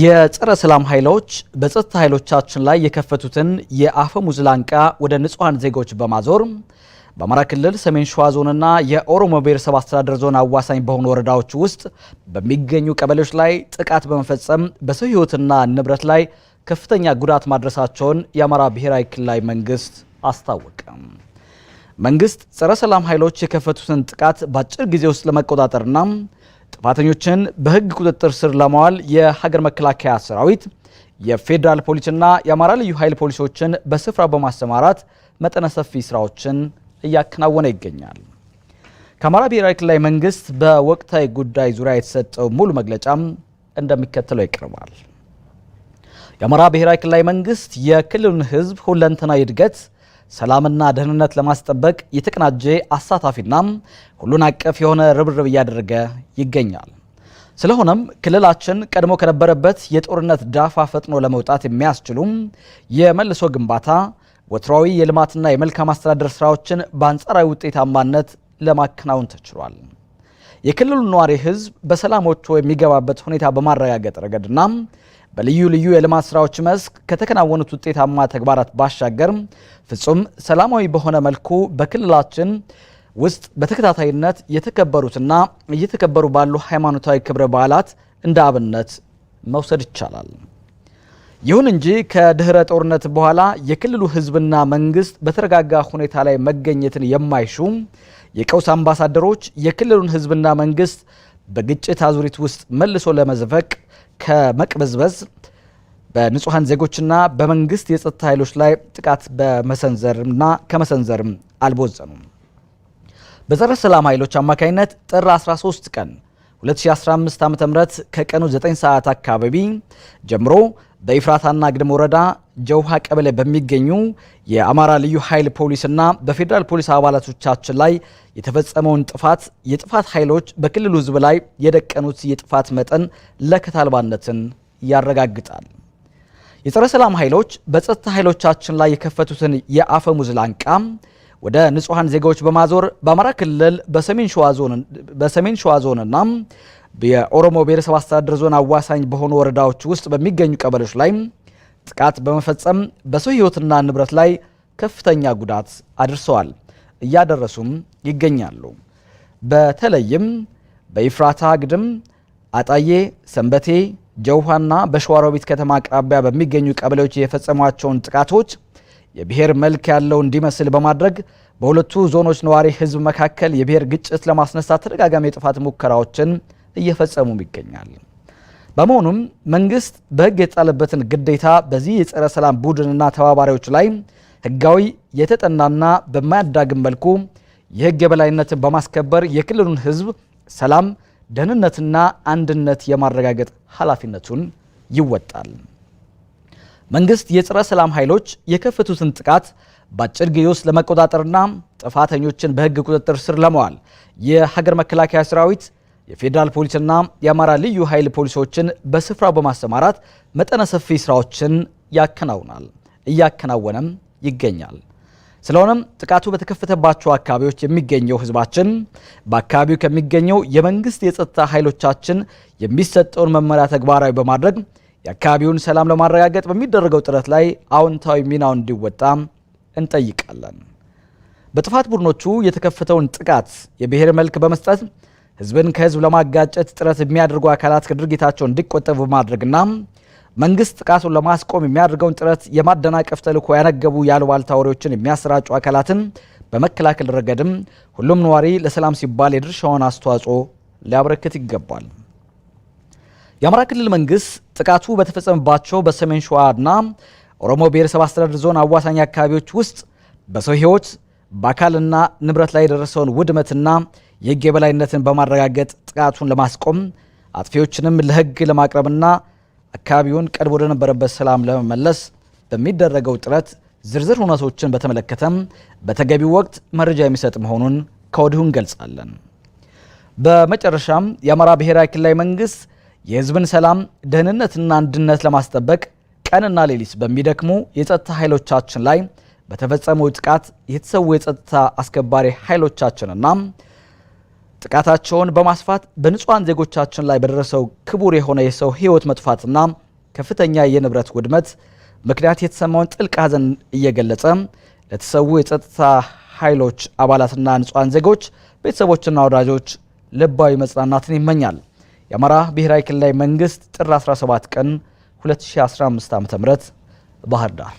የጸረ ሰላም ኃይሎች በጸጥታ ኃይሎቻችን ላይ የከፈቱትን የአፈሙዝ ላንቃ ወደ ንጹሐን ዜጎች በማዞር በአማራ ክልል ሰሜን ሸዋ ዞንና የኦሮሞ ብሔረሰብ አስተዳደር ዞን አዋሳኝ በሆኑ ወረዳዎች ውስጥ በሚገኙ ቀበሌዎች ላይ ጥቃት በመፈጸም በሰው ሕይወትና ንብረት ላይ ከፍተኛ ጉዳት ማድረሳቸውን የአማራ ብሔራዊ ክልላዊ መንግስት አስታወቀ። መንግስት ጸረ ሰላም ኃይሎች የከፈቱትን ጥቃት በአጭር ጊዜ ውስጥ ለመቆጣጠርና ጥፋተኞችን በህግ ቁጥጥር ስር ለማዋል የሀገር መከላከያ ሰራዊት፣ የፌዴራል ፖሊስና የአማራ ልዩ ኃይል ፖሊሶችን በስፍራ በማሰማራት መጠነ ሰፊ ስራዎችን እያከናወነ ይገኛል። ከአማራ ብሔራዊ ክልላዊ መንግስት በወቅታዊ ጉዳይ ዙሪያ የተሰጠው ሙሉ መግለጫም እንደሚከተለው ይቀርባል። የአማራ ብሔራዊ ክልላዊ መንግስት የክልሉን ህዝብ ሁለንተና እድገት ሰላምና ደህንነት ለማስጠበቅ የተቀናጀ አሳታፊና ሁሉን አቀፍ የሆነ ርብርብ እያደረገ ይገኛል። ስለሆነም ክልላችን ቀድሞ ከነበረበት የጦርነት ዳፋ ፈጥኖ ለመውጣት የሚያስችሉም የመልሶ ግንባታ ወትሯዊ የልማትና የመልካም አስተዳደር ስራዎችን በአንጻራዊ ውጤታማነት ለማከናወን ተችሏል። የክልሉ ነዋሪ ህዝብ በሰላም ወጥቶ የሚገባበት ሁኔታ በማረጋገጥ ረገድና በልዩ ልዩ የልማት ስራዎች መስክ ከተከናወኑት ውጤታማ ተግባራት ባሻገር ፍጹም ሰላማዊ በሆነ መልኩ በክልላችን ውስጥ በተከታታይነት የተከበሩትና እየተከበሩ ባሉ ሃይማኖታዊ ክብረ በዓላት እንደ አብነት መውሰድ ይቻላል። ይሁን እንጂ ከድህረ ጦርነት በኋላ የክልሉ ህዝብና መንግስት በተረጋጋ ሁኔታ ላይ መገኘትን የማይሹ የቀውስ አምባሳደሮች የክልሉን ህዝብና መንግስት በግጭት አዙሪት ውስጥ መልሶ ለመዝፈቅ ከመቅበዝበዝ በንጹሐን ዜጎችና በመንግስት የጸጥታ ኃይሎች ላይ ጥቃት በመሰንዘርና ከመሰንዘርም አልቦዘኑም። በጸረ ሰላም ኃይሎች አማካኝነት ጥር 13 ቀን 2015 ዓ.ም ከቀኑ 9 ሰዓት አካባቢ ጀምሮ በኢፍራታና ግድም ወረዳ ጀውሃ ቀበሌ በሚገኙ የአማራ ልዩ ኃይል ፖሊስና በፌዴራል ፖሊስ አባላቶቻችን ላይ የተፈጸመውን ጥፋት የጥፋት ኃይሎች በክልሉ ሕዝብ ላይ የደቀኑት የጥፋት መጠን ለከት አልባነትን ያረጋግጣል። የጸረ ሰላም ኃይሎች በጸጥታ ኃይሎቻችን ላይ የከፈቱትን የአፈሙዝ ላንቃ ወደ ንጹሐን ዜጋዎች በማዞር በአማራ ክልል በሰሜን ሸዋ ዞንና የኦሮሞ ብሔረሰብ አስተዳደር ዞን አዋሳኝ በሆኑ ወረዳዎች ውስጥ በሚገኙ ቀበሌዎች ላይ ጥቃት በመፈጸም በሰው ሕይወትና ንብረት ላይ ከፍተኛ ጉዳት አድርሰዋል፣ እያደረሱም ይገኛሉ። በተለይም በኢፍራታ ግድም፣ አጣዬ፣ ሰንበቴ፣ ጀውሃና በሸዋሮቢት ከተማ አቅራቢያ በሚገኙ ቀበሌዎች የፈጸሟቸውን ጥቃቶች የብሔር መልክ ያለው እንዲመስል በማድረግ በሁለቱ ዞኖች ነዋሪ ሕዝብ መካከል የብሔር ግጭት ለማስነሳት ተደጋጋሚ የጥፋት ሙከራዎችን እየፈጸሙም ይገኛል። በመሆኑም መንግስት በህግ የተጣለበትን ግዴታ በዚህ የጸረ ሰላም ቡድንና ተባባሪዎች ላይ ህጋዊ የተጠናና በማያዳግም መልኩ የህግ የበላይነትን በማስከበር የክልሉን ህዝብ ሰላም፣ ደህንነትና አንድነት የማረጋገጥ ኃላፊነቱን ይወጣል። መንግስት የጸረ ሰላም ኃይሎች የከፈቱትን ጥቃት በአጭር ጊዜ ውስጥ ለመቆጣጠርና ጥፋተኞችን በህግ ቁጥጥር ስር ለመዋል የሀገር መከላከያ ሰራዊት የፌዴራል ፖሊስና የአማራ ልዩ ኃይል ፖሊሶችን በስፍራው በማሰማራት መጠነ ሰፊ ስራዎችን ያከናውናል እያከናወነም ይገኛል። ስለሆነም ጥቃቱ በተከፈተባቸው አካባቢዎች የሚገኘው ህዝባችን በአካባቢው ከሚገኘው የመንግስት የጸጥታ ኃይሎቻችን የሚሰጠውን መመሪያ ተግባራዊ በማድረግ የአካባቢውን ሰላም ለማረጋገጥ በሚደረገው ጥረት ላይ አዎንታዊ ሚናው እንዲወጣ እንጠይቃለን። በጥፋት ቡድኖቹ የተከፈተውን ጥቃት የብሔር መልክ በመስጠት ህዝብን ከህዝብ ለማጋጨት ጥረት የሚያደርጉ አካላት ከድርጊታቸው እንዲቆጠቡ በማድረግና መንግስት ጥቃቱን ለማስቆም የሚያደርገውን ጥረት የማደናቀፍ ተልኮ ያነገቡ ያሉባልታ ወሬዎችን የሚያሰራጩ አካላትን በመከላከል ረገድም ሁሉም ነዋሪ ለሰላም ሲባል የድርሻውን አስተዋጽኦ ሊያበረክት ይገባል። የአማራ ክልል መንግስት ጥቃቱ በተፈጸመባቸው በሰሜን ሸዋና ኦሮሞ ብሔረሰብ አስተዳደር ዞን አዋሳኝ አካባቢዎች ውስጥ በሰው ህይወት በአካልና ንብረት ላይ የደረሰውን ውድመትና የህግ የበላይነትን በማረጋገጥ ጥቃቱን ለማስቆም አጥፊዎችንም ለህግ ለማቅረብና አካባቢውን ቀድሞ ወደነበረበት ሰላም ለመመለስ በሚደረገው ጥረት ዝርዝር ሁነቶችን በተመለከተም በተገቢው ወቅት መረጃ የሚሰጥ መሆኑን ከወዲሁ እንገልጻለን። በመጨረሻም የአማራ ብሔራዊ ክልላዊ መንግስት የህዝብን ሰላም ደህንነትና አንድነት ለማስጠበቅ ቀንና ሌሊት በሚደክሙ የጸጥታ ኃይሎቻችን ላይ በተፈጸመው ጥቃት የተሰዉ የጸጥታ አስከባሪ ኃይሎቻችንና ጥቃታቸውን በማስፋት በንጹሐን ዜጎቻችን ላይ በደረሰው ክቡር የሆነ የሰው ሕይወት መጥፋትና ከፍተኛ የንብረት ውድመት ምክንያት የተሰማውን ጥልቅ ሐዘን እየገለጸ ለተሰዉ የጸጥታ ኃይሎች አባላትና ንጹሐን ዜጎች ቤተሰቦችና ወዳጆች ልባዊ መጽናናትን ይመኛል። የአማራ ብሔራዊ ክልላዊ መንግስት ጥር 17 ቀን 2015 ዓ.ም ባህር ዳር